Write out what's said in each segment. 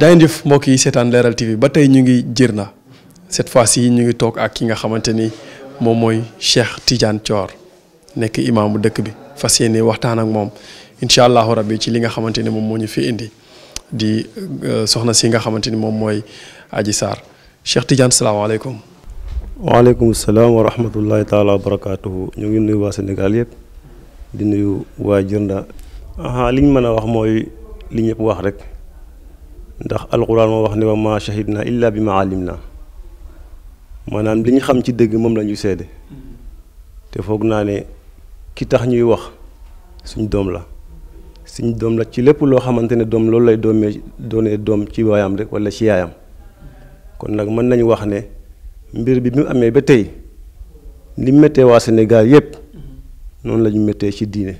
daa jëf mbokk yi seetaan leeral TV ba tey ñu ngi jër na set fois-ci ñu ngi toog ak ki nga xamante ni moom mooy Cheikh Tidiane Thior nekk imaamu dëkk bi fas yéene waxtaan ak moom incha allahu rabbi ci li nga xamante ni moom moo ñu fi indi di euh, soxna si nga xamante ni moom mooy Adji Sarr Cheikh Tidiane salaamaaleykum. waaleykum salaam wa rahmatullahi taala wa barakaatuhu ñoo ngi nuyu waa Sénégal yëpp di nuyu waa Djirnda aha liñ mën a wax mooy li ñëpp wax rek ndax alquran moo wax ne wa ma shahidna illa bi ma alim na maanaam li xam ci dëgg moom la ñu seede te foog naa ne ki tax ñuy wax suñ doom la suñ doom la ci lépp loo xamante ne doom loolu lay doomee doonee doom ci waayam rek wala ci yaayam kon nag mën nañu wax ne mbir bi mu amee ba tey li méttee waa Sénégal yépp noonu lañu ñu méttee ci diine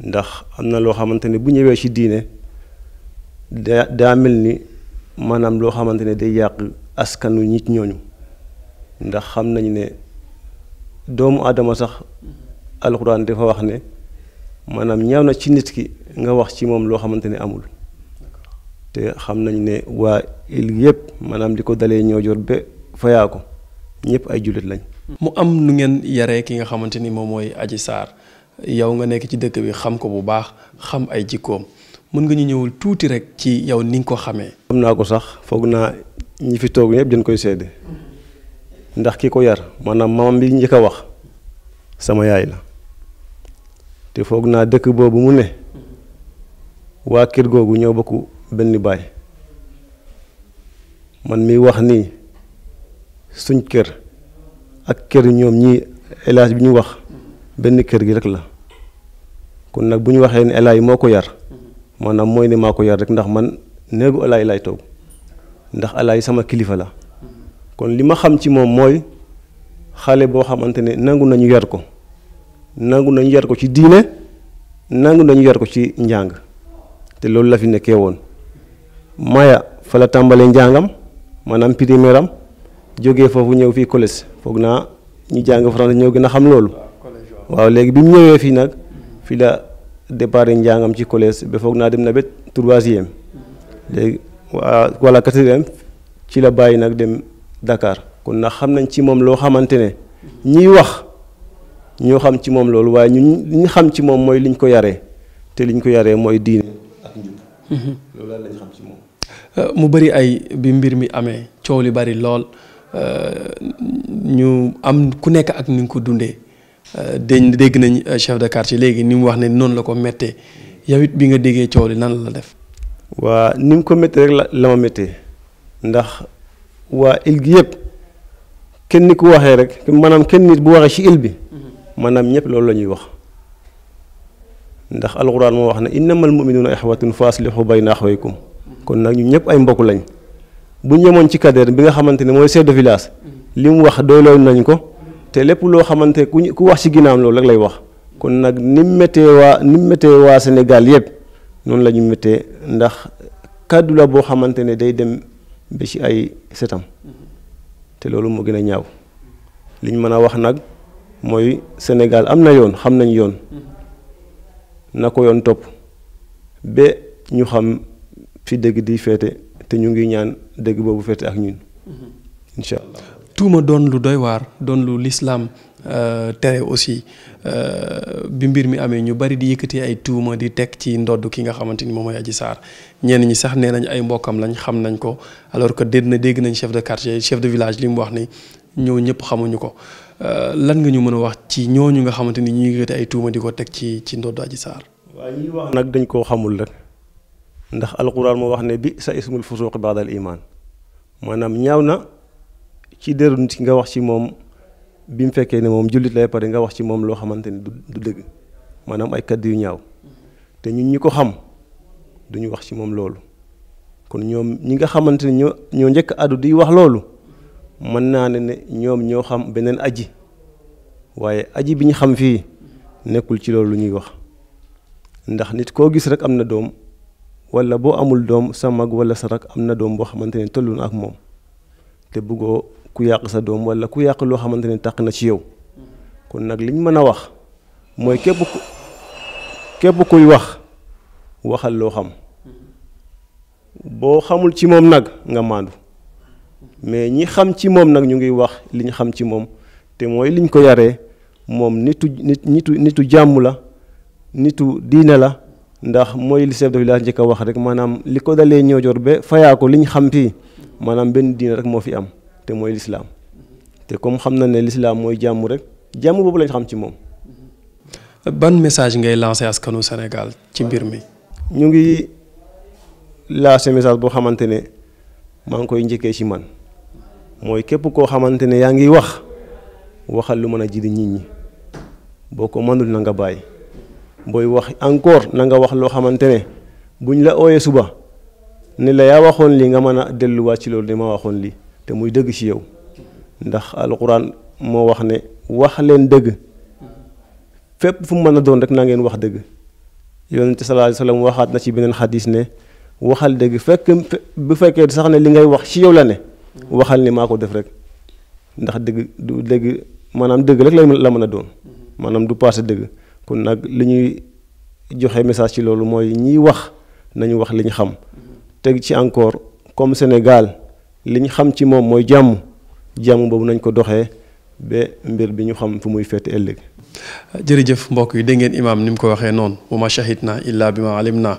ndax am na loo xamante ne bu ñëwee ci diine daa daa mel ni maanaam loo xamante ne day yàq askanu nit ñooñu ndax xam nañu ne doomu aadama sax alxuraan dafa wax ne maanaam ñaaw na ci nit ki nga wax ci moom loo xamante ne amul te xam nañu ne waa il yépp maanaam di ko dalee ñoo jot fayaa ko ñëpp ay jullit lañ. mu am nu ngeen yare ki nga xamante ni moom mooy aji Sarr yow nga nekk ci dëkk bi xam ko bu baax xam ay jikkoom mën nga ñu ñëwul tuuti rek ci yow ni ko xame xam naa ko sax foog naa ñi fi toog ñëpp dañ koy sedd ndax ki ko yar maanaam maam bi njëkk a wax sama yaay la te foog naa dëkk boobu mu ne waa kër googu ñëw bokk benn baay man mi wax nii. suñ kër ak kër ñoom ñii élage bi ñu wax benn kër gi rek la kon nag bu ñu waxee ne élage moo ko yar maanaam mooy ne maa ko yar rek ndax man néegu alaay laay toog ndax alaay sama kilifa la kon li ma xam ci moom mooy xale boo xamante ne nangu nañu yar ko nangu nañu yar ko ci diine nangu nañu yar ko ci njàng te loolu la fi nekkee woon maya fa la tàmbalee njàngam maanaam primaire am jóge foofu ñëw fii collège foog naa ñu jàng français ñoo gën a xam loolu waaw léegi bi mu ñëwee fii nag fii la départ njàngam ci collège ba foog naa dem na ba troisième léegi waa wala quatrième ci la bàyyi nag dem Dakar kon nag xam nañ ci moom loo xamante ne ñiy wax ñoo xam ci moom loolu waaye ñun li ñu xam ci moom mooy liñ ko yaree te liñ ko yaree mooy diine ak njub mhm. loolu euh, mu bëri ay bi mbir mi amee coow li bari lool. Euh, ñu am ku nekk ak ni ko dundee euh, deñ dégg nañ euh, chef de quartier léegi ni mu wax ne noonu la ko méttee yow it bi nga déggee coow li nan la def. waa ni mu ko méttee rek la la ma méttee ndax waa il gi yëpp kenn ku waxee rek maanaam kenn nit bu waxee ci il bi mm-hmm. maanaam ñëpp loolu la ñuy wax ndax alxuraan moo wax ne innamal muminuuna ixwatun fa aslihu bayna axwaykum mm-hmm. kon nag ñu ñëpp ay mbokk lañ. bu ñu yemoon ci cadre bi nga xamante ne mooy chef de village mm. li mu wax doyloon nañ ko te lépp loo xamante ku ku wax ci ginnaam loolu rek lay wax kon nag ni mu waa ni mu waa Sénégal yëpp noonu lañu ñu méttee ndax kàddu la boo xamante ne day dem bi ci ay setam mm-hmm. te loolu moo gën a ñaaw liñ mën a wax nag mooy Sénégal am na yoon xam nañ yoon mm-hmm. na ko yoon topp ba ñu xam fi dëgg di féete. te ñu ngi ñaan dégg boobu fete ak ñun mm-hmm. incha allah tuuma doon lu doy waar doon lu lislaam euh, tere aussi euh, bi mbir mi amee ñu bari di yëkkati ay tuuma di teg ci ndodd ki nga xamante ni moom mooy aji saar ñeen ñi sax nee nañ ay mbokkam lañ xam nañ ko alors que dégg na dégg nañ chef de quartier chef de village li mu wax ni ñëw ñëpp xamuñu ko euh, lan nga ñu mën a wax ci ñooñu nga xamante ni ñu yëkkati ay tuuma di ko teg ci ci ndodd Adji Sarr. waaw ñi wax nag dañ koo xamul rek. ndax alquran moo wax ne bi sa ismul fusuqi baadal iman maanaam ñaaw na ci deru nit ki nga wax ci moom bi mu fekkee ne moom jullit lay pare nga wax ci moom loo xamante ne du dëgg maanaam ay kaddu yu ñaaw te ñun ñi ko xam duñu wax ci moom loolu kon ñoom ñi nga xamante ne ñoo ñoo njëkk addu di wax loolu mën naa ne ne ñoom ñoo xam beneen aji waaye aji bi ñu xam fii nekkul ci loolu lu ñuy wax ndax nit koo gis rek am na doom wala boo amul doom sa mag wala sa rak am na doom boo xamante ne tollu na ak moom te buggoo ku yàq sa doom wala ku yàq loo xamante ne taq na ci yow kon nag liñ mën a wax mooy képp ku képp kuy wax waxal loo xam boo xamul ci moom nag nga maandu mais ñi xam ci moom nag ñu ngi wax liñ xam ci moom te mooy liñ ko yaree moom nitu nit nitu nitu jàmm la nitu diine la ndax mooy li chef de village njëkk a wax rek maanaam li ko dalee ñoo jor ba fayaa ko li ñu xam fii maanaam benn diine rek moo fi am te mooy lislaam te comme xam na ne lislaam mooy jàmmu rek jàmm boobu lañ xam ci moom. ban message ngay lancé askanu Sénégal ci mbir mi. ñu ngi lancé message boo xamante ne maa ngi koy njëkkee ci man mooy képp koo xamante ne yaa ngiy wax waxal lu mën a jëriñ nit ñi boo ko mënul na nga bàyyi. booy wax encore na nga wax loo xamante ne buñ la ooyee suba ne la yaa waxoon lii nga mën a delluwaat ci loolu ni ma waxoon lii te muy dëgg ci yow ndax alquran moo wax ne wax leen dëgg fépp fu mën a doon rek na ngeen wax dëgg yonente sa alayhi wasallam waxaat na ci beneen xadis ne waxal dëgg fekk bu fekkee sax ne li ngay wax ci yow la ne waxal ni maa ko def rek ndax dëgg du dëgg maanaam dëgg rek la la mën a doon maanaam du passé dëgg kon nag li ñuy joxe message ci loolu mooy ñiy wax nañu wax li ñu xam teg ci encore comme Sénégal li ñu xam ci moom mooy jàmm jàmm boobu nañ ko doxee ba mbir bi ñu xam fu muy féete ëllëg. jërëjëf mbokk yi dégg ngeen imaam ni mu ko waxee noonu wa ma shahid naa illaa bi ma alim naa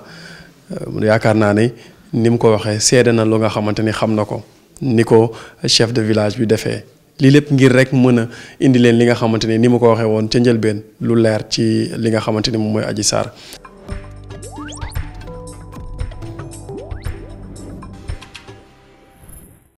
yaakaar naa ne ni mu ko waxee seede na lu nga xamante ni xam na ko ni ko chef de village bi defee. lii lépp ngir rek mën a indi leen li nga xamante ni ni ma ko waxee woon ca njëlbeen lu leer ci li nga xamante ni moom mooy aji Sarr